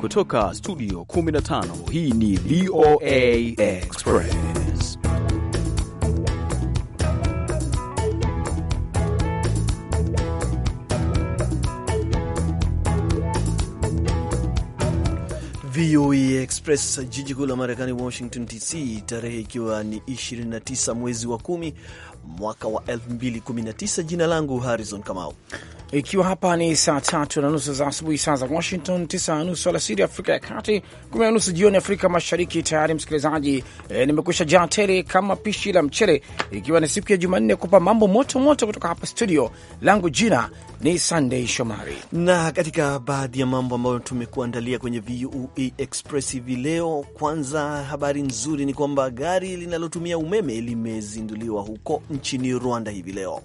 Kutoka studio 15 hii ni VOA Express. VOA Express, jiji kuu la Marekani, Washington DC, tarehe ikiwa ni 29 mwezi wa kumi mwaka wa 2019. Jina langu Harrison Kamau, ikiwa hapa ni saa tatu na nusu za asubuhi, saa za Washington, tisa na nusu alasiri Afrika ya Kati, kumi na nusu jioni Afrika Mashariki. Tayari msikilizaji, e, nimekusha jaa tele kama pishi la mchele, ikiwa ni siku ya Jumanne kupa mambo moto moto kutoka hapa studio langu. Jina ni Sandei Shomari, na katika baadhi ya mambo ambayo tumekuandalia kwenye VOA e Express hivi leo, kwanza habari nzuri ni kwamba gari linalotumia umeme limezinduliwa huko nchini Rwanda hivi leo.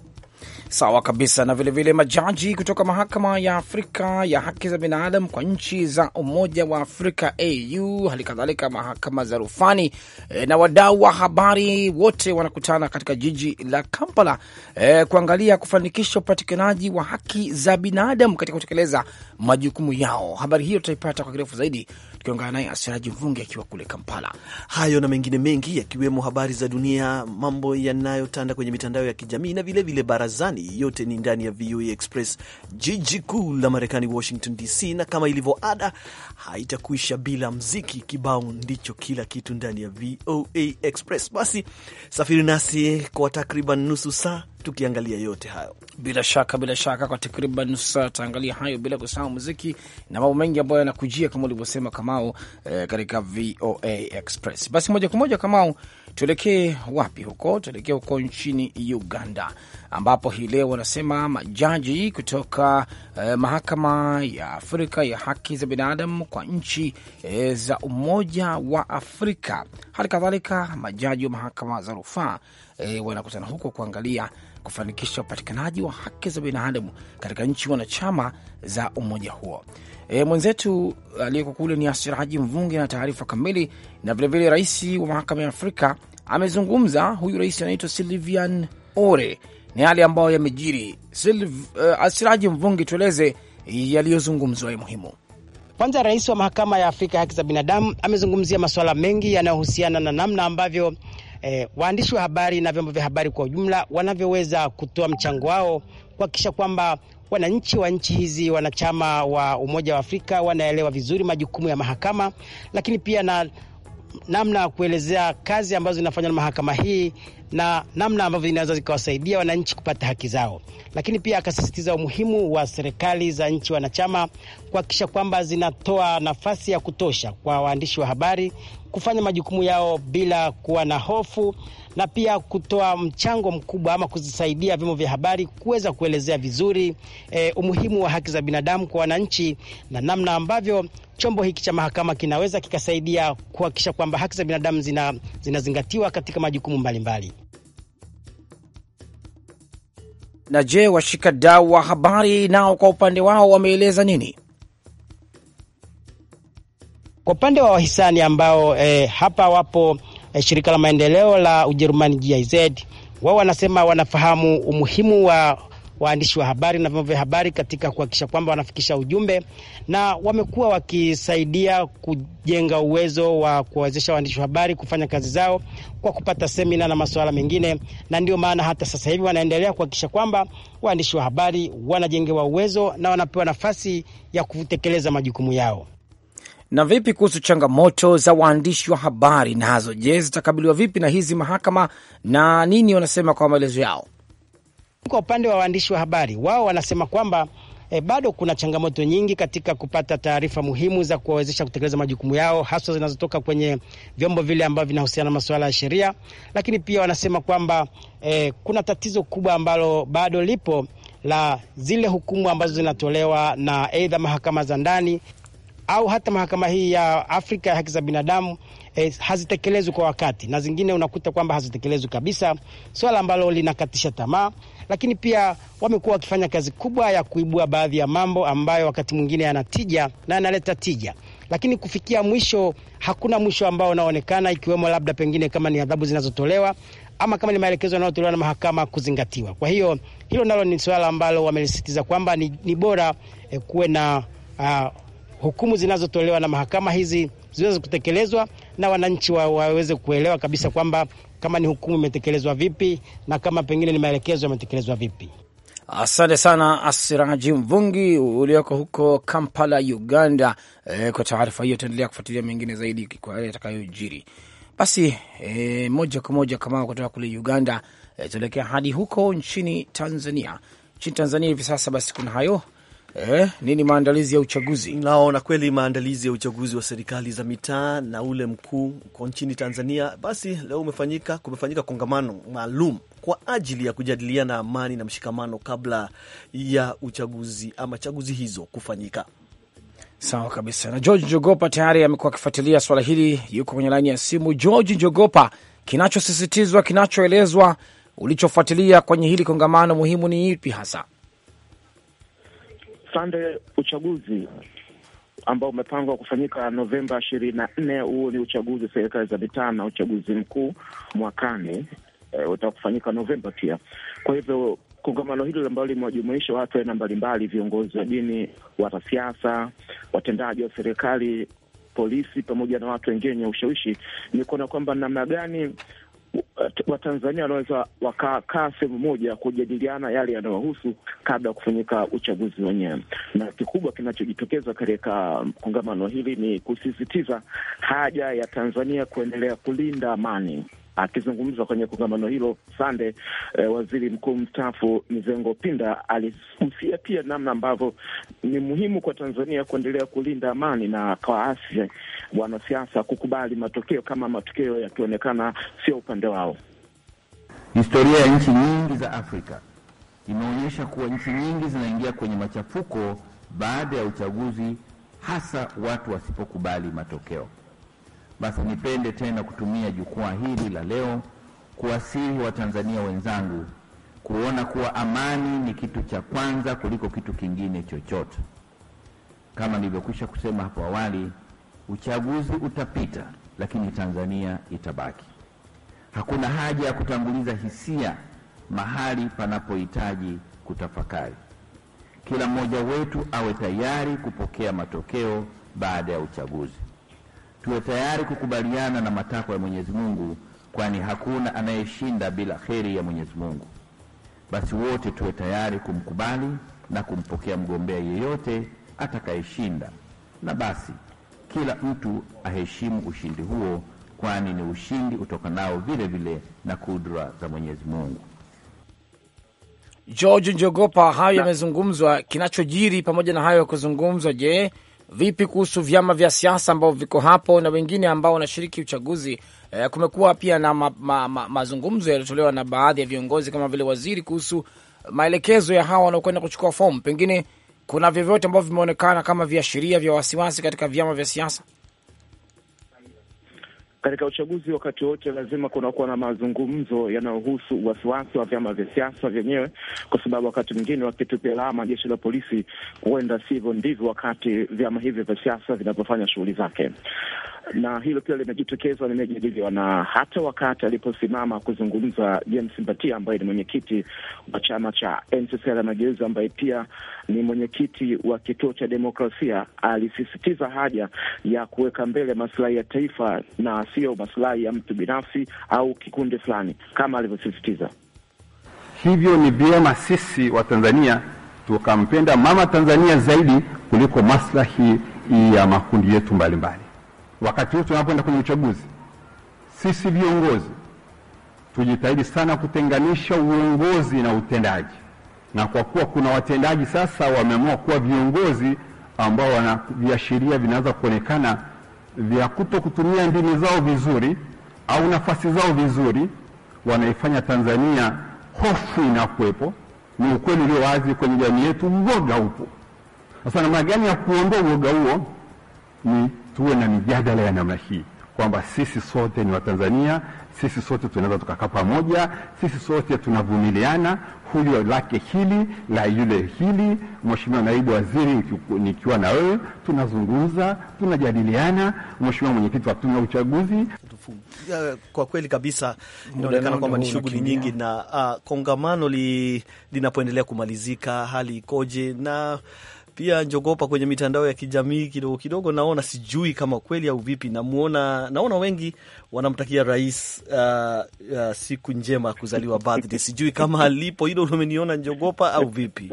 Sawa kabisa na vilevile vile majaji kutoka mahakama ya Afrika ya haki za binadamu kwa nchi za Umoja wa Afrika au hali kadhalika mahakama za rufani e, na wadau wa habari wote wanakutana katika jiji la Kampala e, kuangalia kufanikisha upatikanaji wa haki za binadamu katika kutekeleza majukumu yao. Habari hiyo tutaipata kwa kirefu zaidi tukiongana naye Asiraji Mvungi akiwa kule Kampala. Hayo na mengine mengi yakiwemo habari za dunia, mambo yanayotanda kwenye mitandao ya kijamii na vilevile vile barazani, yote ni ndani ya VOA Express, jiji kuu la Marekani, Washington DC, na kama ilivyo ada haitakuisha bila mziki. Kibao ndicho kila kitu ndani ya VOA Express. Basi safiri nasi kwa takriban nusu saa tukiangalia yote hayo bila shaka, bila shaka, kwa takriban nusu saa tutaangalia hayo, bila kusahau muziki na mambo mengi ambayo yanakujia kama ulivyosema Kamau eh, katika VOA Express. Basi moja kwa moja Kamau, tuelekee wapi huko? Tuelekee huko nchini Uganda ambapo hii leo wanasema majaji kutoka eh, mahakama ya Afrika ya haki za binadamu kwa nchi eh, za Umoja wa Afrika, hali kadhalika majaji wa mahakama za rufaa e, wanakutana huko kuangalia kufanikisha upatikanaji wa haki za binadamu katika nchi wanachama za umoja huo. E, mwenzetu aliyeko kule ni Asiraji Mvungi na taarifa kamili, na vilevile rais wa mahakama ya Afrika amezungumza. Huyu rais anaitwa Silvian Ore na yale ambayo yamejiri. Uh, e, Asiraji Mvungi, tueleze yaliyozungumzwa muhimu. Kwanza, rais wa mahakama ya Afrika ya haki za binadamu amezungumzia masuala mengi yanayohusiana na namna ambavyo eh, waandishi wa habari na vyombo vya habari kwa ujumla wanavyoweza kutoa mchango wao kuhakikisha kwamba wananchi wa nchi hizi wanachama wa Umoja wa Afrika wanaelewa vizuri majukumu ya mahakama, lakini pia na namna ya kuelezea kazi ambazo zinafanywa na mahakama hii na namna ambavyo zinaweza zikawasaidia wananchi kupata haki zao. Lakini pia akasisitiza umuhimu wa serikali za nchi wanachama kuhakikisha kwamba zinatoa nafasi ya kutosha kwa waandishi wa habari kufanya majukumu yao bila kuwa na hofu na pia kutoa mchango mkubwa ama kuzisaidia vyombo vya habari kuweza kuelezea vizuri e, umuhimu wa haki za binadamu kwa wananchi na namna ambavyo chombo hiki cha mahakama kinaweza kikasaidia kuhakikisha kwamba haki za binadamu zina, zinazingatiwa katika majukumu mbalimbali. Na je, washikadau wa habari nao kwa upande wao wameeleza nini? Kwa upande wa wahisani ambao e, hapa wapo e, shirika la maendeleo la Ujerumani GIZ, wao wanasema wanafahamu umuhimu wa waandishi wa habari na vyombo vya habari katika kuhakikisha kwamba wanafikisha ujumbe, na wamekuwa wakisaidia kujenga uwezo wa kuwawezesha waandishi wa habari kufanya kazi zao kwa kupata semina na masuala mengine, na ndio maana hata sasa hivi wanaendelea kuhakikisha kwamba waandishi wa habari wanajengewa uwezo na wanapewa nafasi ya kutekeleza majukumu yao. Na vipi kuhusu changamoto za waandishi wa habari nazo? Je, zitakabiliwa vipi na hizi mahakama na nini wanasema kwa maelezo yao? Kwa upande wa waandishi wa habari, wao wanasema kwamba E, bado kuna changamoto nyingi katika kupata taarifa muhimu za kuwawezesha kutekeleza majukumu yao haswa zinazotoka kwenye vyombo vile ambavyo vinahusiana na masuala ya sheria, lakini pia wanasema kwamba e, kuna tatizo kubwa ambalo bado lipo la zile hukumu ambazo zinatolewa na aidha mahakama za ndani au hata mahakama hii ya Afrika ya haki za binadamu eh, hazitekelezwi kwa wakati, na zingine unakuta kwamba hazitekelezwi kabisa, swala ambalo linakatisha tamaa. Lakini pia wamekuwa wakifanya kazi kubwa ya kuibua baadhi ya mambo ambayo wakati mwingine yanatija na yanaleta tija, lakini kufikia mwisho hakuna mwisho ambao unaonekana, ikiwemo labda pengine kama ni adhabu zinazotolewa ama kama ni maelekezo yanayotolewa na mahakama kuzingatiwa. Kwa hiyo hilo nalo ni swala ambalo wamelisitiza kwamba ni, ni bora eh, kuwe na uh, hukumu zinazotolewa na mahakama hizi ziweze kutekelezwa na wananchi wa, waweze kuelewa kabisa kwamba kama ni hukumu imetekelezwa vipi na kama pengine ni maelekezo yametekelezwa vipi. Asante sana Asiraji Mvungi ulioko huko Kampala, Uganda. E, kwa taarifa hiyo Tuendelea kufuatilia mengine zaidi kwa yale yatakayojiri. Basi e, moja kwa moja kama kutoka kule Uganda e, tuelekea hadi huko nchini Tanzania. Nchini Tanzania hivi sasa basi kuna hayo Eh, nini maandalizi ya uchaguzi? Naona kweli maandalizi ya uchaguzi wa serikali za mitaa na ule mkuu kwa nchini Tanzania. Basi leo umefanyika, kumefanyika kongamano maalum kwa ajili ya kujadiliana amani na mshikamano kabla ya uchaguzi ama chaguzi hizo kufanyika. Sawa kabisa. Na George Njogopa tayari amekuwa akifuatilia swala hili, yuko kwenye laini ya simu. George Njogopa, kinachosisitizwa, kinachoelezwa, ulichofuatilia kwenye hili kongamano muhimu ni ipi hasa? Sande, uchaguzi ambao umepangwa kufanyika Novemba ishirini na nne, huu ni uchaguzi serikali za mitaa na uchaguzi mkuu mwakani e, utakufanyika Novemba pia. Kwa hivyo kongamano hilo ambalo limewajumuisha watu aina mbalimbali, viongozi wa dini, wanasiasa, watendaji wa serikali polisi pamoja na watu wengine wenye ushawishi ni kuona kwamba namna gani Watanzania wanaweza wakakaa sehemu moja kujadiliana yale yanayohusu kabla ya kufanyika uchaguzi wenyewe. Na kikubwa kinachojitokeza katika kongamano hili ni kusisitiza haja ya Tanzania kuendelea kulinda amani. Akizungumza kwenye kongamano hilo Sande, eh, waziri mkuu mstaafu Mizengo Pinda alihusia pia namna ambavyo ni muhimu kwa Tanzania kuendelea kulinda amani na kaasi wanasiasa kukubali matokeo kama matokeo yakionekana sio upande wao. Historia ya nchi nyingi za Afrika imeonyesha kuwa nchi nyingi zinaingia kwenye machafuko baada ya uchaguzi, hasa watu wasipokubali matokeo. Basi nipende tena kutumia jukwaa hili la leo kuwasihi Watanzania wenzangu kuona kuwa amani ni kitu cha kwanza kuliko kitu kingine chochote. Kama nilivyokwisha kusema hapo awali, Uchaguzi utapita, lakini Tanzania itabaki. Hakuna haja ya kutanguliza hisia mahali panapohitaji kutafakari. Kila mmoja wetu awe tayari kupokea matokeo baada ya uchaguzi. Tuwe tayari kukubaliana na matakwa ya Mwenyezi Mungu, kwani hakuna anayeshinda bila kheri ya Mwenyezi Mungu. Basi wote tuwe tayari kumkubali na kumpokea mgombea yeyote atakayeshinda, na basi kila mtu aheshimu ushindi huo, kwani ni ushindi utokanao vile vile na kudra za Mwenyezi Mungu. George Njogopa, hayo yamezungumzwa. Kinachojiri pamoja na hayo ya kuzungumzwa, je, vipi kuhusu vyama vya siasa ambao viko hapo na wengine ambao wanashiriki uchaguzi? E, kumekuwa pia na ma, ma, ma, mazungumzo yaliyotolewa na baadhi ya viongozi kama vile waziri kuhusu maelekezo ya hawa wanaokwenda kuchukua fomu, pengine kuna vyovyote ambavyo vimeonekana kama viashiria vya wasiwasi katika vyama vya siasa? Katika uchaguzi wakati wote lazima kunakuwa na mazungumzo yanayohusu wasiwasi wa vyama vya siasa vyenyewe, kwa sababu wakati mwingine wakitupia lawama jeshi la polisi, huenda sivyo ndivyo, wakati vyama hivyo vya siasa vinavyofanya shughuli zake na hilo pia limejitokeza limejadiliwa na hata wakati aliposimama kuzungumza James Mbatia ambaye ni mwenyekiti wa chama cha NCCR Mageuzi, ambaye pia ni mwenyekiti wa kituo cha demokrasia, alisisitiza haja ya kuweka mbele masilahi ya taifa na sio masilahi ya mtu binafsi au kikundi fulani, kama alivyosisitiza hivyo. Ni vyema sisi wa tanzania tukampenda mama Tanzania zaidi kuliko maslahi ya makundi yetu mbalimbali wakati huu tunapoenda kwenye uchaguzi, sisi viongozi tujitahidi sana kutenganisha uongozi na utendaji, na kwa kuwa kuna watendaji sasa wameamua kuwa viongozi ambao wana viashiria vinaweza kuonekana vya kuto kutumia ndimi zao vizuri au nafasi zao vizuri, wanaifanya Tanzania hofu inakuwepo. Ni ukweli ulio wazi kwenye jamii yetu, uoga upo. Sasa namna gani ya kuondoa uoga huo ni tuwe na mijadala ya namna hii kwamba sisi sote ni Watanzania, sisi sote tunaweza tukakaa pamoja, sisi sote tunavumiliana, huyo lake hili la yule hili. Mheshimiwa naibu waziri, nikiwa na wewe tunazungumza, tunajadiliana. Mheshimiwa mwenyekiti, wa tume ya uchaguzi. Kwa kweli kabisa, inaonekana kwamba ni shughuli nyingi na uh, kongamano li, linapoendelea kumalizika, hali ikoje na pia njogopa kwenye mitandao ya kijamii kidogo kidogo, naona sijui kama kweli au vipi. Namuona, naona wengi wanamtakia rais uh, uh, siku njema kuzaliwa birthday. Sijui kama alipo hilo, umeniona njogopa au vipi?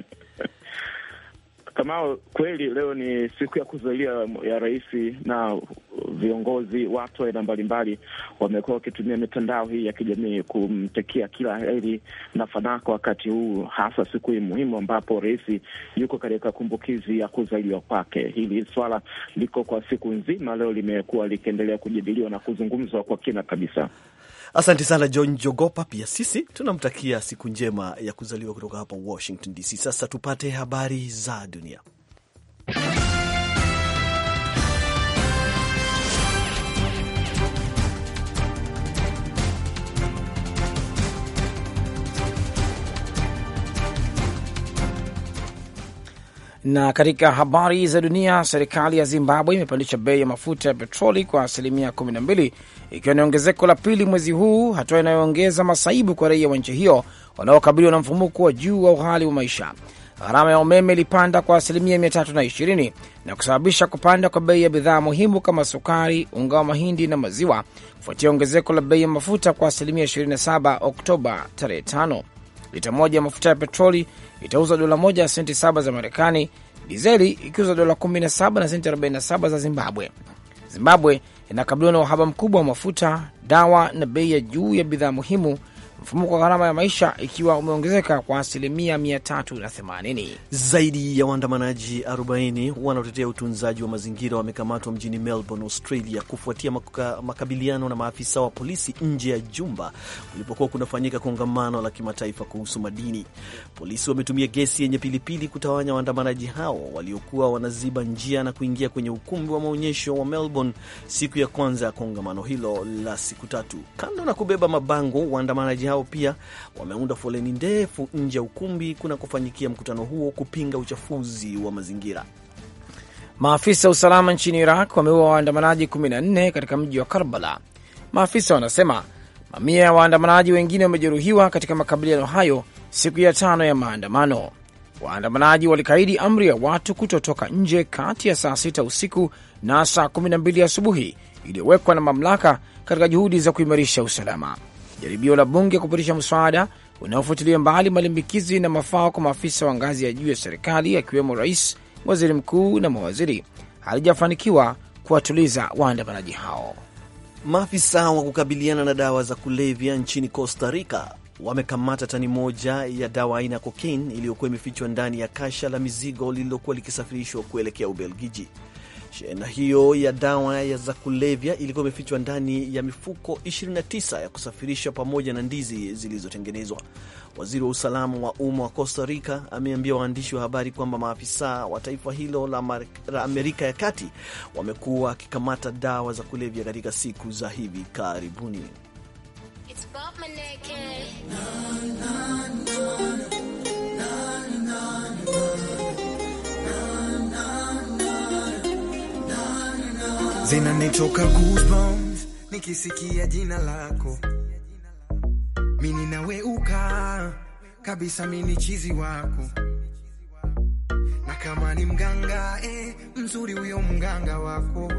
Kamao, kweli leo ni siku ya kuzaliwa ya rais na viongozi watu aina mbalimbali wamekuwa wakitumia mitandao hii ya kijamii kumtekia kila heri na fanaka wakati huu, hasa siku hii muhimu ambapo rais yuko katika kumbukizi ya kuzaliwa kwake. Hili swala liko kwa siku nzima leo, limekuwa likiendelea kujadiliwa na kuzungumzwa kwa kina kabisa. Asante sana John Jogopa, pia sisi tunamtakia siku njema ya kuzaliwa kutoka hapa Washington DC. Sasa tupate habari za dunia. Na katika habari za dunia, serikali ya Zimbabwe imepandisha bei ya mafuta ya petroli kwa asilimia 12 ikiwa ni ongezeko la pili mwezi huu, hatua inayoongeza masaibu kwa raia wa nchi hiyo wanaokabiliwa na mfumuko wa juu wa ughali wa maisha. Gharama ya umeme ilipanda kwa asilimia 320 na kusababisha kupanda kwa bei ya bidhaa muhimu kama sukari, unga wa mahindi na maziwa, kufuatia ongezeko la bei ya mafuta kwa asilimia 27 Oktoba tarehe 5 lita moja ya mafuta ya petroli itauzwa dola moja na senti saba za Marekani, dizeli ikiuzwa dola 17 na senti 47 za Zimbabwe. Zimbabwe inakabiliwa na uhaba mkubwa wa mafuta, dawa na bei ya juu ya bidhaa muhimu mfumuko wa gharama ya maisha ikiwa umeongezeka kwa asilimia 380. Zaidi ya waandamanaji 40 wanaotetea utunzaji wa mazingira wamekamatwa mjini Melbourne, Australia, kufuatia makabiliano na maafisa wa polisi nje ya jumba kulipokuwa kunafanyika kongamano la kimataifa kuhusu madini. Polisi wametumia gesi yenye pilipili kutawanya waandamanaji hao waliokuwa wanaziba njia na kuingia kwenye ukumbi wa maonyesho wa Melbourne siku ya kwanza ya kongamano hilo la siku tatu. Kando na kubeba mabango, waandamanaji hao hao pia wameunda foleni ndefu nje ya ukumbi kuna kufanyikia mkutano huo kupinga uchafuzi wa mazingira. Maafisa wa usalama nchini Iraq wameua waandamanaji 14 katika mji wa Karbala. Maafisa wanasema mamia ya waandamanaji wengine wamejeruhiwa katika makabiliano hayo siku ya tano ya maandamano. Waandamanaji walikaidi amri ya watu kutotoka nje kati ya saa sita usiku na saa kumi na mbili asubuhi iliyowekwa na mamlaka katika juhudi za kuimarisha usalama jaribio la bunge kupitisha mswada unaofutilia mbali malimbikizi na mafao kwa maafisa wa ngazi ya juu ya serikali akiwemo rais, waziri mkuu na mawaziri halijafanikiwa kuwatuliza waandamanaji hao. Maafisa wa kukabiliana na dawa za kulevya nchini Costa Rica wamekamata tani moja ya dawa aina ya kokaini iliyokuwa imefichwa ndani ya kasha la mizigo lililokuwa likisafirishwa kuelekea Ubelgiji shehena hiyo ya dawa za kulevya ilikuwa imefichwa ndani ya mifuko 29 ya kusafirishwa pamoja na ndizi zilizotengenezwa. Waziri wa usalama wa umma wa Costa Rica ameambia waandishi wa habari kwamba maafisa wa taifa hilo la Amerika ya Kati wamekuwa wakikamata dawa za kulevya katika siku za hivi karibuni. It's zinanitoka goosebumps nikisikia jina lako, mimi ninaweuka kabisa, mini chizi wako, na kama ni mganga eh, mzuri huyo mganga wako,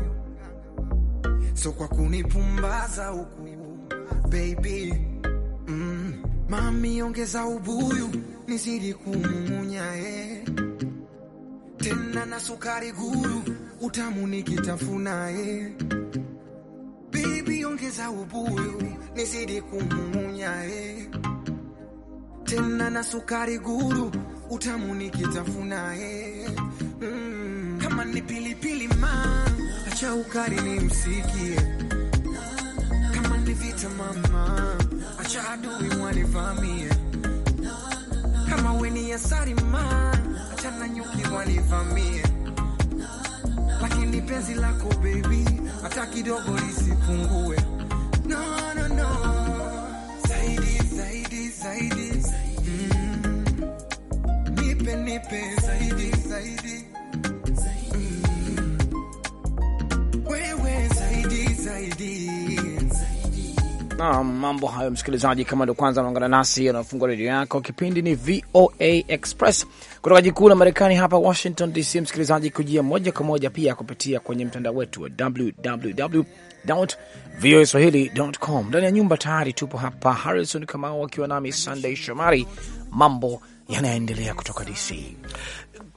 so kwa kunipumbaza huku baby mm, mami ongeza ubuyu nizidi kumumunya eh, tena na sukari guru utamu nikitafunaye, baby ongeza ubuyu nizidi kumungunyaye, tena na sukari guru utamu nikitafunaye, mm. kama ni pilipili ma acha ukari ni msikie, kama ni vita mama acha adui mwanivamie, kama weni ya ma acha na nyuki wanivamie Sitaki penzi lako baby, hata kidogo lisipungue. No, no, no. Zaidi, zaidi, zaidi. Mm. Nipe, nipe, zaidi, zaidi. na mambo hayo, msikilizaji, kama ndo kwanza anaungana nasi, anafungua redio yako, kipindi ni VOA Express kutoka jikuu la Marekani hapa Washington DC. Msikilizaji, kujia moja kwa moja pia kupitia kwenye mtandao wetu wa www voa swahili.com. Ndani ya nyumba tayari tupo hapa, Harrison Kamau akiwa nami Sunday Shomari, mambo yanayoendelea kutoka DC.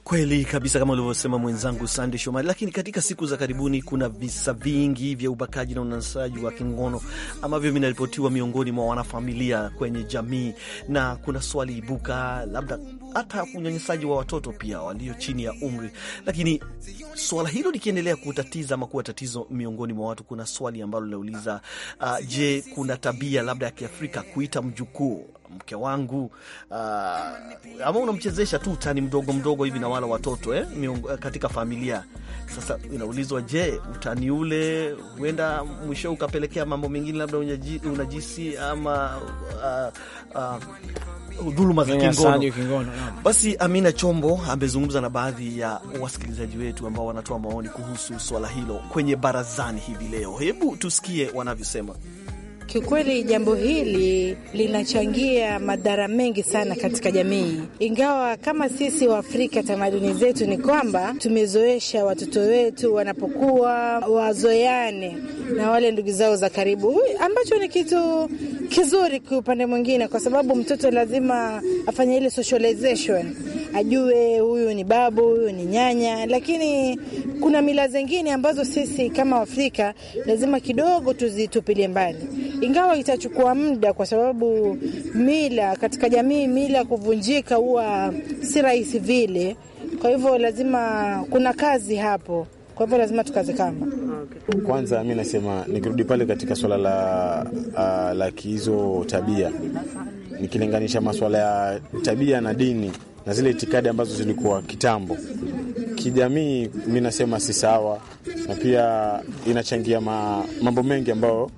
Kweli kabisa kama ulivyosema mwenzangu Sande Shomari. Lakini katika siku za karibuni kuna visa vingi vya ubakaji na unyanyasaji wa kingono ambavyo vinaripotiwa miongoni mwa wanafamilia kwenye jamii, na kuna swali ibuka, labda hata unyanyasaji wa watoto pia walio chini ya umri. Lakini swala hilo likiendelea kutatiza ama kuwa tatizo miongoni mwa watu, kuna swali ambalo linauliza uh, je, kuna tabia labda ya Kiafrika kuita mjukuu mke wangu uh, ama unamchezesha tu utani mdogo mdogo hivi na wala watoto eh, miungu, eh, katika familia. Sasa inaulizwa, je, utani ule huenda mwisho ukapelekea mambo mengine, labda unajisi ama uh, uh, dhuluma za kingono. Basi Amina Chombo amezungumza na baadhi ya wasikilizaji wetu ambao wanatoa maoni kuhusu swala hilo kwenye barazani hivi leo. Hebu tusikie wanavyosema. Kiukweli jambo hili linachangia madhara mengi sana katika jamii, ingawa kama sisi Waafrika tamaduni zetu ni kwamba tumezoesha watoto wetu wanapokuwa wazoeane na wale ndugu zao za karibu, ambacho ni kitu kizuri kwa upande mwingine, kwa sababu mtoto lazima afanye ile socialization ajue huyu ni babu, huyu ni nyanya. Lakini kuna mila zingine ambazo sisi kama Afrika lazima kidogo tuzitupilie mbali, ingawa itachukua muda, kwa sababu mila katika jamii, mila kuvunjika huwa si rahisi vile. Kwa hivyo lazima kuna kazi hapo, kwa hivyo lazima tukaze kama kwanza mi nasema nikirudi pale katika swala la, uh, la kihizo tabia, nikilinganisha maswala ya tabia na dini na zile itikadi ambazo zilikuwa kitambo. Kijamii mi nasema si sawa, na pia inachangia ma, mambo mengi ambayo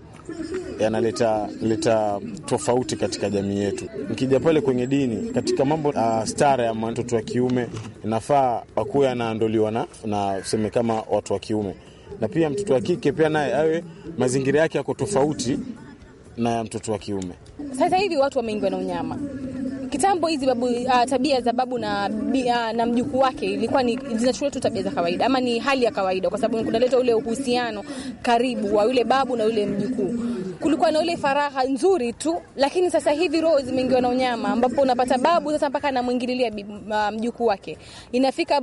yanaleta leta tofauti katika jamii yetu. Nikija pale kwenye dini, katika mambo uh, stara ya mtoto wa kiume inafaa akuwe anaandoliwa na na useme kama watu wa kiume, na pia mtoto wa kike pia naye awe mazingira yake yako tofauti na ya mtoto wa kiume. Sasa hivi watu wameingiwa na unyama Kitambo hizi babu, uh, tabia za babu na, uh, na mjukuu wake ilikuwa ni zinachukuliwa tu tabia za kawaida ama ni hali ya kawaida, kwa sababu kunaleta ule uhusiano karibu wa yule babu na yule mjukuu kulikuwa na ile faraha nzuri tu, lakini sasa hivi roho zimeingiwa na unyama, ambapo unapata babu sasa mpaka anamwingililia mjukuu wake. Inafika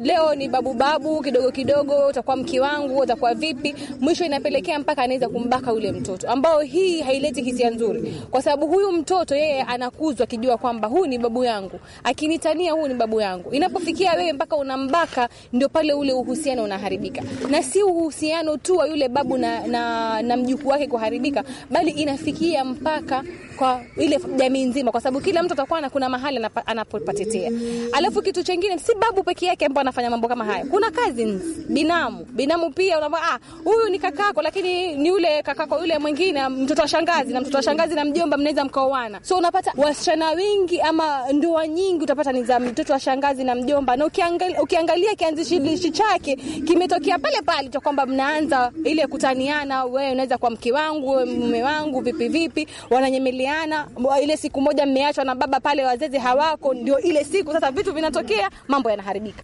leo ni babu babu, kidogo kidogo utakuwa mke wangu, utakuwa vipi, mwisho inapelekea mpaka anaweza kumbaka yule mtoto, ambao hii haileti hisia nzuri, kwa sababu huyu mtoto yeye anakuzwa akijua kwamba huyu ni babu yangu, akinitania huyu ni babu yangu. Inapofikia wewe mpaka unambaka, ndio pale ule uhusiano unaharibika, na si uhusiano tu wa yule babu na, na, na mjukuu wake kuharibika inaharibika, bali inafikia mpaka kwa ile jamii nzima, kwa sababu kila mtu atakuwa na kuna mahali anapopatetea. Alafu kitu chengine, si babu peke yake ambao anafanya mambo kama haya, kuna cousins, binamu. Binamu pia unaambia ah, huyu ni kakako, lakini ni yule kakako yule mwingine, mtoto wa shangazi, na mtoto wa shangazi na mjomba mnaweza mkaoana. So unapata wasichana wengi ama ndoa nyingi utapata ni za mtoto wa shangazi na mjomba, na ukiangalia, ukiangalia kianzishi chake kimetokea pale pale tu kwamba mnaanza ile kutaniana, wewe unaweza kwa mke wangu, wewe mume wangu, vipi vipi, wananyemeli mnaoleana, ile siku moja mmeachwa na baba pale, wazazi hawako, ndio ile siku sasa vitu vinatokea, mambo yanaharibika.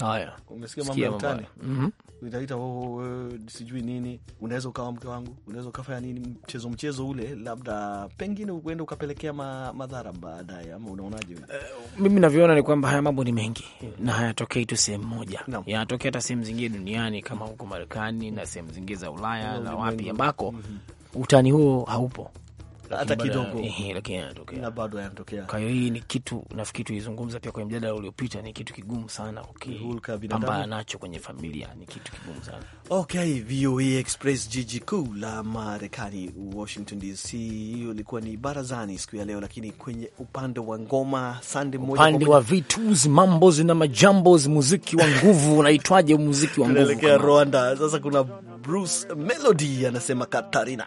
Haya, umesikia mambo ya utani unaita wewe sijui nini, unaweza ukawa mke wangu, unaweza ukafanya nini, mchezo mchezo ule, labda pengine uende ukapelekea ma, madhara baadaye, ama unaonaje? Uh, mimi navyoona ni kwamba haya mambo ni mengi -hmm. na hayatokei tu sehemu moja no. yanatokea hata sehemu zingine duniani kama huko Marekani na sehemu zingine za Ulaya no, na wapi ambako mm -hmm. utani huo haupo hata kidogo, eh, lakini yanatokea na bado yanatokea. Kwa hiyo hii ni kitu nafikiri tuizungumza pia kwenye mjadala uliopita, ni kitu kigumu sana ukipambana nacho kwenye familia, ni kitu kigumu sana. Okay, VOA e Express, jiji kuu la Marekani, Washington DC. Hiyo ilikuwa ni barazani siku ya leo, lakini kwenye upande wa ngoma sande moja, upande wa vitus mambos na majambos, muziki wa nguvu unaitwaje? Muziki wa nguvu Rwanda sasa. Kuna Bruce Melody anasema Katarina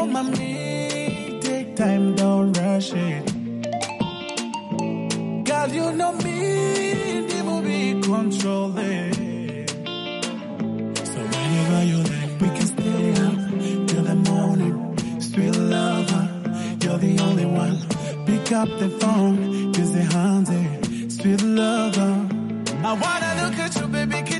for my me. Take time, don't rush it. Girl, you know me, it will be controlling. So whenever you like, we can stay up till the morning. Sweet lover, you're the only one. Pick up the phone, cause they're haunted. Eh? Sweet lover. I wanna look at you, baby.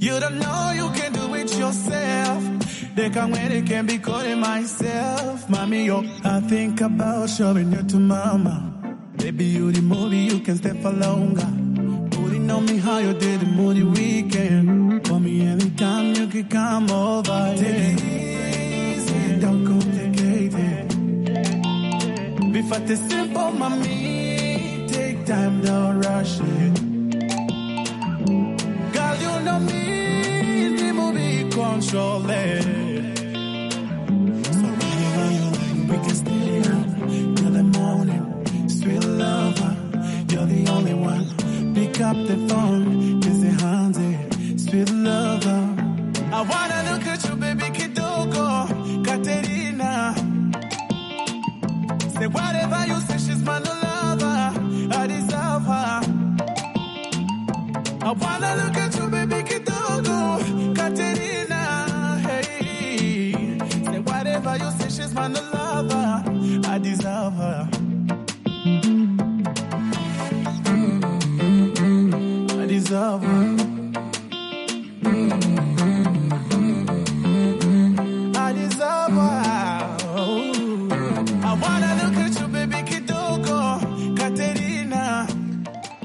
You don't know you can do it yourself. They come when they can be calling myself. Mommy, yo, I think about showing you to mama. Baby, you the movie, you can stay for longer. Putting on me how you did the Moody weekend. Call me, anytime you can come over. Take it easy, don't complicate it. Be the simple, mommy. Take time, don't rush it. surely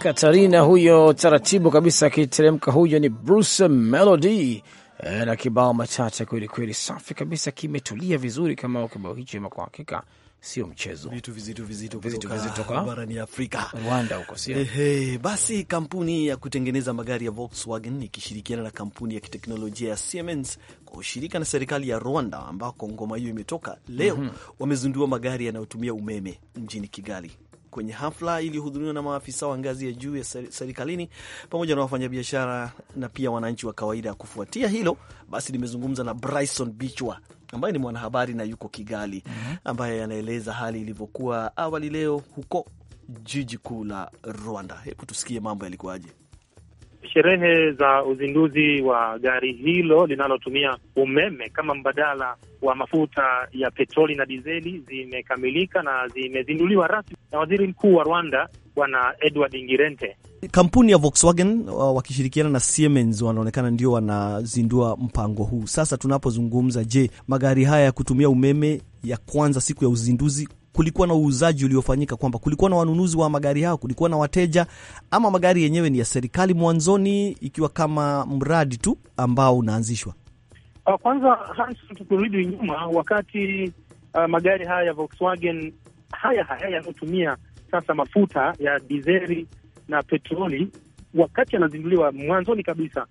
Katarina huyo taratibu kabisa akiteremka. Huyo ni Bruce Melody e, na kibao machache kweli kweli, safi kabisa, kimetulia vizuri kama kibao hicho, ama kwa hakika sio mchezo, vitu vizito vizito kwa barani Afrika, Rwanda huko sio ehe. Basi kampuni ya kutengeneza magari ya Volkswagen ikishirikiana na kampuni ya kiteknolojia ya Siemens kwa ushirika na serikali ya Rwanda ambako ngoma hiyo imetoka leo, mm -hmm. wamezindua magari yanayotumia umeme mjini Kigali kwenye hafla iliyohudhuriwa na maafisa wa ngazi ya juu ya serikalini pamoja na wafanyabiashara na pia wananchi wa kawaida. Kufuatia hilo basi, nimezungumza na Bryson Bichwa ambaye ni mwanahabari na yuko Kigali, mhm. ambaye anaeleza hali ilivyokuwa awali leo huko jiji kuu la Rwanda. Hebu tusikie mambo yalikuwaje sherehe za uzinduzi wa gari hilo linalotumia umeme kama mbadala wa mafuta ya petroli na dizeli zimekamilika na zimezinduliwa rasmi na Waziri Mkuu wa Rwanda Bwana Edward ngirente Kampuni ya Volkswagen uh, wakishirikiana na Siemens wanaonekana ndio wanazindua mpango huu. Sasa tunapozungumza, je, magari haya ya kutumia umeme ya kwanza siku ya uzinduzi kulikuwa na uuzaji uliofanyika, kwamba kulikuwa na wanunuzi wa magari hao, kulikuwa na wateja, ama magari yenyewe ni ya serikali mwanzoni, ikiwa kama mradi tu ambao unaanzishwa? Ah, kwanza Hanson, tukirudi nyuma, wakati uh, magari haya ya Volkswagen haya haya yanayotumia sasa mafuta ya dizeli na petroli, wakati yanazinduliwa mwanzoni kabisa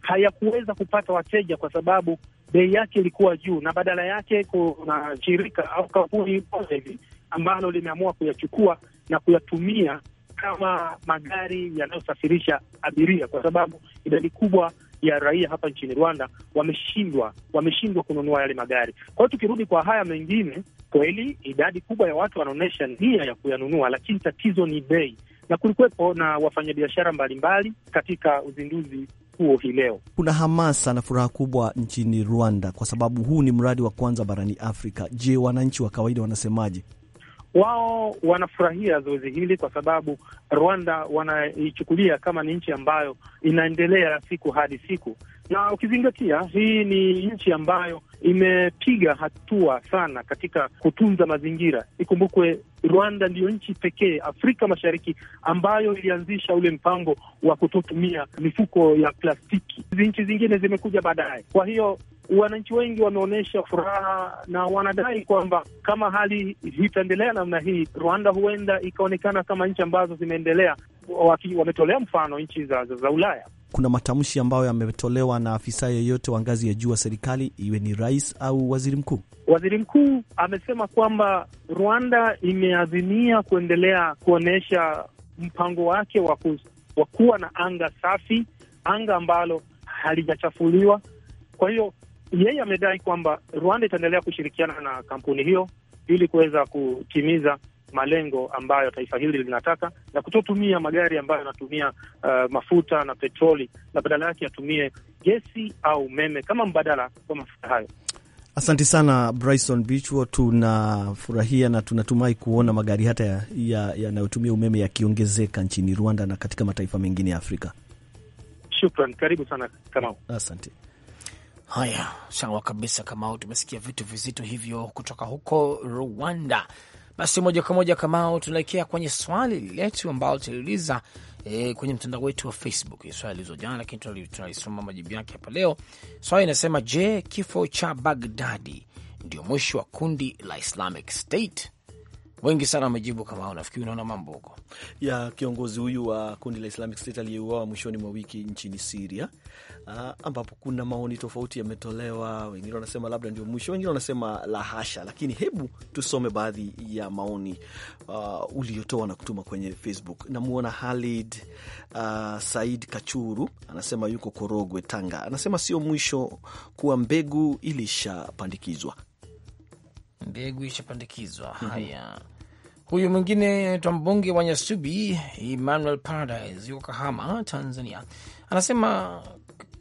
hayakuweza kupata wateja kwa sababu bei yake ilikuwa juu, na badala yake kuna shirika au kampuni moja hivi ambalo limeamua kuyachukua na kuyatumia kama magari yanayosafirisha abiria, kwa sababu idadi kubwa ya raia hapa nchini Rwanda wameshindwa wameshindwa kununua yale magari. Kwa hiyo tukirudi kwa haya mengine, kweli idadi kubwa ya watu wanaonyesha nia ya kuyanunua, lakini tatizo ni bei na kulikuwepo na wafanyabiashara mbalimbali katika uzinduzi huo hii leo. Kuna hamasa na furaha kubwa nchini Rwanda kwa sababu huu ni mradi wa kwanza barani Afrika. Je, wananchi wa kawaida wanasemaje? Wao wanafurahia zoezi hili kwa sababu Rwanda wanaichukulia kama ni nchi ambayo inaendelea siku hadi siku, na ukizingatia hii ni nchi ambayo imepiga hatua sana katika kutunza mazingira. Ikumbukwe Rwanda ndiyo nchi pekee Afrika Mashariki ambayo ilianzisha ule mpango wa kutotumia mifuko ya plastiki. Hizi nchi zingine zimekuja baadaye. Kwa hiyo wananchi wengi wameonyesha furaha na wanadai kwamba kama hali itaendelea namna hii, Rwanda huenda ikaonekana kama nchi ambazo zimeendelea. wametolea mfano nchi za, za, za Ulaya kuna matamshi ambayo yametolewa na afisa yeyote wa ngazi ya juu wa serikali, iwe ni rais au waziri mkuu. Waziri mkuu amesema kwamba Rwanda imeazimia kuendelea kuonyesha mpango wake wa kuwa na anga safi, anga ambalo halijachafuliwa. Kwa hiyo yeye amedai kwamba Rwanda itaendelea kushirikiana na kampuni hiyo ili kuweza kutimiza malengo ambayo taifa hili linataka na kutotumia magari ambayo yanatumia uh, mafuta na petroli, na badala yake yatumie gesi au umeme kama mbadala wa mafuta hayo. Asanti sana Bryson Bichwo, tunafurahia na tunatumai kuona magari hata yanayotumia ya, ya umeme yakiongezeka nchini Rwanda na katika mataifa mengine ya Afrika. Shukran, karibu sana Kamau. Asante. Haya, sawa kabisa Kamau, tumesikia vitu vizito hivyo kutoka huko Rwanda. Basi moja kwa moja kamao, tunaelekea kwenye swali letu ambalo tuliuliza e, kwenye mtandao wetu wa Facebook, swali lizo jana, lakini tunalisoma majibu yake hapa leo. Swali inasema, je, kifo cha Bagdadi ndio mwisho wa kundi la Islamic State? wengi sana wamejibu kama nafikiri unaona mambo huko ya kiongozi huyu wa kundi la Islamic State aliyeuawa mwishoni mwa wiki nchini Siria, uh, ah, ambapo kuna maoni tofauti yametolewa. Wengine wanasema labda ndio mwisho, wengine wanasema la hasha, lakini hebu tusome baadhi ya maoni uh, uliotoa na kutuma kwenye Facebook. Namuona Halid uh, ah, Said Kachuru anasema yuko Korogwe, Tanga, anasema sio mwisho kuwa mbegu ilishapandikizwa mbegu ishapandikizwa. mm -hmm. Haya, huyu mwingine anaitwa mbunge wa Nyasubi Emmanuel Paradise, yuko Kahama, Tanzania, anasema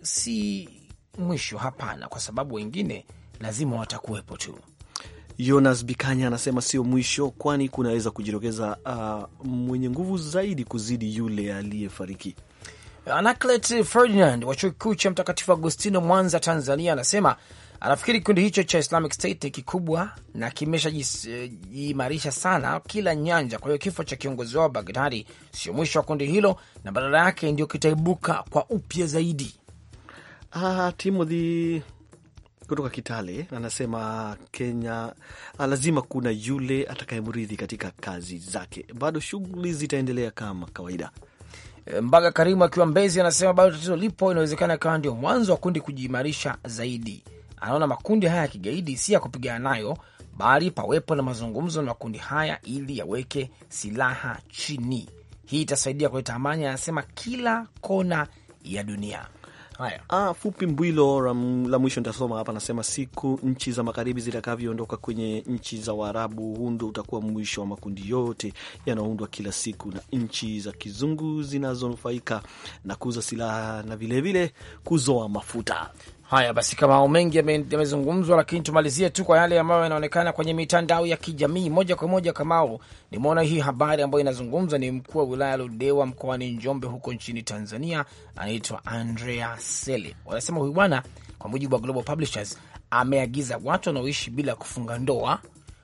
si mwisho, hapana, kwa sababu wengine lazima watakuwepo tu. Jonas Bikanya anasema sio mwisho, kwani kunaweza kujitokeza uh, mwenye nguvu zaidi kuzidi yule aliyefariki. Anaclet Ferdinand wa chuo kikuu cha Mtakatifu Agostino Mwanza, Tanzania, anasema anafikiri kikundi hicho cha Islamic State kikubwa na kimeshajiimarisha eh, sana kila nyanja. Kwa hiyo kifo cha kiongozi wao Bagdadi sio mwisho wa kundi hilo, na badala yake ndio kitaibuka kwa upya zaidi. Ah, Timothy kutoka Kitale anasema Kenya ah, lazima kuna yule atakayemrithi katika kazi zake, bado shughuli zitaendelea kama kawaida. Eh, Mbaga Karimu akiwa Mbezi anasema bado tatizo lipo, inawezekana ikawa ndio mwanzo wa kundi kujiimarisha zaidi anaona makundi haya ya kigaidi si ya kupigana nayo, bali pawepo na mazungumzo na makundi haya ili yaweke silaha chini. Hii itasaidia kuleta amani, anasema, kila kona ya dunia. Ah, fupi mbwilo la mwisho nitasoma hapa, anasema siku nchi za magharibi zitakavyoondoka kwenye nchi za Waarabu, huu utakuwa mwisho wa makundi yote yanaoundwa kila siku na nchi za kizungu zinazonufaika na kuuza silaha na vilevile kuzoa mafuta. Haya basi, kama mengi yamezungumzwa, lakini tumalizie tu kwa yale ambayo yanaonekana kwenye mitandao ya kijamii moja kwa moja. Kamao nimeona hii habari ambayo inazungumzwa ni mkuu wa wilaya Ludewa mkoani Njombe huko nchini Tanzania, anaitwa Andrea Sele. Wanasema huyu bwana, kwa mujibu wa Global Publishers, ameagiza watu wanaoishi bila kufunga ndoa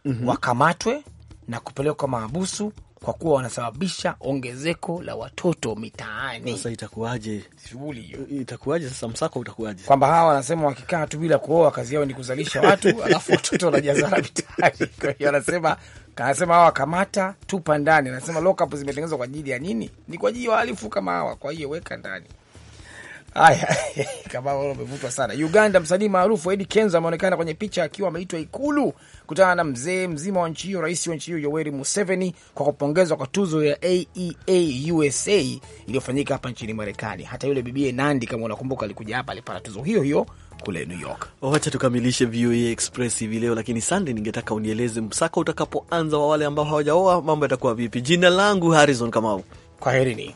mm -hmm. wakamatwe na kupelekwa mahabusu kwa kuwa wanasababisha ongezeko la watoto mitaani. Sasa itakuwaje shughuli hiyo? Itakuwaje sasa, msako utakuwaje? Kwamba hawa wanasema wakikaa tu bila kuoa kazi yao ni kuzalisha watu alafu watoto wanajazana mitaani. Kwa hiyo anasema anasema hawa kamata tupa ndani. Anasema lock zimetengenezwa kwa ajili ya nini? Ni kwa ajili ya wahalifu kama hawa, kwa hiyo weka ndani. Haya, kama wao wamevutwa sana. Uganda, msanii maarufu Eddie Kenza ameonekana kwenye picha akiwa ameitwa Ikulu kutana na mzee mzima wa nchi hiyo, rais wa nchi hiyo Yoweri Museveni, kwa kupongezwa kwa tuzo ya AEA USA iliyofanyika hapa nchini Marekani. Hata yule bibie Nandi, kama unakumbuka, alikuja hapa, alipata tuzo hiyo hiyo kule New York. Wacha tukamilishe VOA Express hivi leo, lakini Sande, ningetaka unieleze msako utakapoanza wa wale ambao hawajaoa mambo yatakuwa vipi? Jina langu Harrison Kamau, kwaherini.